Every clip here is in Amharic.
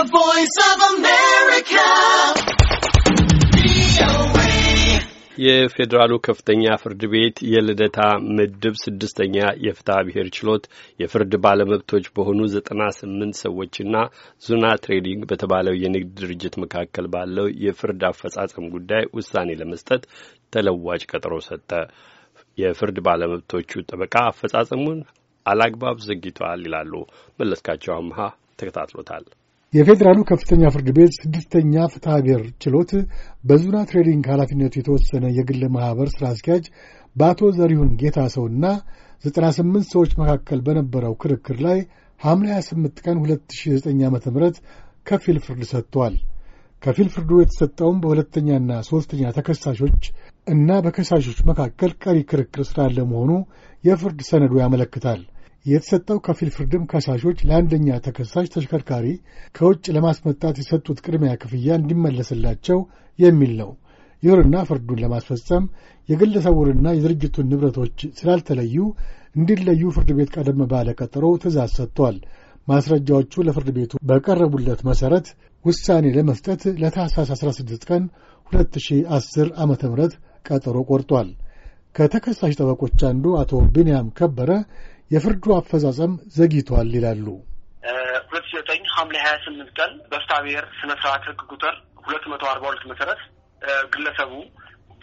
The Voice of America. የፌዴራሉ ከፍተኛ ፍርድ ቤት የልደታ ምድብ ስድስተኛ የፍትሐ ብሔር ችሎት የፍርድ ባለመብቶች በሆኑ ዘጠና ስምንት ሰዎችና ዙና ትሬዲንግ በተባለው የንግድ ድርጅት መካከል ባለው የፍርድ አፈጻጸም ጉዳይ ውሳኔ ለመስጠት ተለዋጭ ቀጠሮ ሰጠ። የፍርድ ባለመብቶቹ ጠበቃ አፈጻጸሙን አላግባብ ዘግቷል ይላሉ። መለስካቸው አምሃ ተከታትሎታል። የፌዴራሉ ከፍተኛ ፍርድ ቤት ስድስተኛ ፍትሐ ብሔር ችሎት በዙና ትሬዲንግ ኃላፊነቱ የተወሰነ የግል ማኅበር ሥራ አስኪያጅ በአቶ ዘሪሁን ጌታሰውና 98 ሰዎች መካከል በነበረው ክርክር ላይ ሐምሌ 28 ቀን 2009 ዓ ም ከፊል ፍርድ ሰጥቷል። ከፊል ፍርዱ የተሰጠውም በሁለተኛና ሦስተኛ ተከሳሾች እና በከሳሾች መካከል ቀሪ ክርክር ስላለ መሆኑ የፍርድ ሰነዱ ያመለክታል። የተሰጠው ከፊል ፍርድም ከሳሾች ለአንደኛ ተከሳሽ ተሽከርካሪ ከውጭ ለማስመጣት የሰጡት ቅድሚያ ክፍያ እንዲመለስላቸው የሚል ነው። ይሁንና ፍርዱን ለማስፈጸም የግለሰቡንና የድርጅቱን ንብረቶች ስላልተለዩ እንዲለዩ ፍርድ ቤት ቀደም ባለ ቀጠሮ ትእዛዝ ሰጥቷል። ማስረጃዎቹ ለፍርድ ቤቱ በቀረቡለት መሠረት ውሳኔ ለመስጠት ለታህሳስ 16 ቀን 2010 ዓ ም ቀጠሮ ቆርጧል። ከተከሳሽ ጠበቆች አንዱ አቶ ቢንያም ከበረ የፍርዱ አፈጻጸም ዘግይቷል ይላሉ። ሁለት ሺ ዘጠኝ ሐምሌ ሀያ ስምንት ቀን ብሔር ስነ ስርዓት ህግ ቁጥር ሁለት መቶ አርባ ሁለት መሰረት ግለሰቡ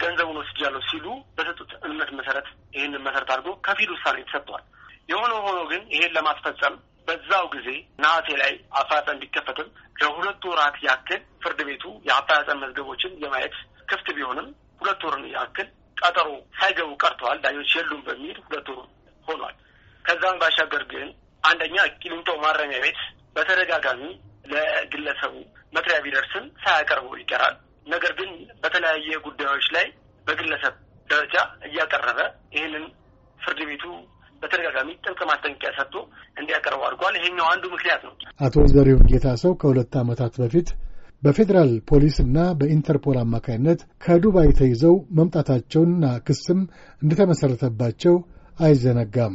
ገንዘቡን ወስጃለሁ ሲሉ በሰጡት እምነት መሰረት ይህንን መሰረት አድርጎ ከፊል ውሳኔ ተሰጥቷል። የሆነ ሆኖ ግን ይሄን ለማስፈጸም በዛው ጊዜ ነሐሴ ላይ አፈጻጸም እንዲከፈትም ለሁለት ወራት ያክል ፍርድ ቤቱ የአፈጻጸም መዝገቦችን የማየት ክፍት ቢሆንም ሁለት ወርን ያክል ቀጠሮ ሳይገቡ ቀርተዋል፣ ዳኞች የሉም በሚል ሁለት ወሩ ከዛም ባሻገር ግን አንደኛ ቂሊንጦ ማረሚያ ቤት በተደጋጋሚ ለግለሰቡ መጥሪያ ቢደርስም ሳያቀርቡ ይቀራል። ነገር ግን በተለያየ ጉዳዮች ላይ በግለሰብ ደረጃ እያቀረበ ይህንን ፍርድ ቤቱ በተደጋጋሚ ጥብቅ ማስጠንቀቂያ ሰጥቶ እንዲያቀርቡ አድርጓል። ይሄኛው አንዱ ምክንያት ነው። አቶ ዘሪሁን ሰው ከሁለት ዓመታት በፊት በፌዴራል ፖሊስ እና በኢንተርፖል አማካይነት ከዱባይ ተይዘው መምጣታቸውንና ክስም እንደተመሠረተባቸው አይዘነጋም።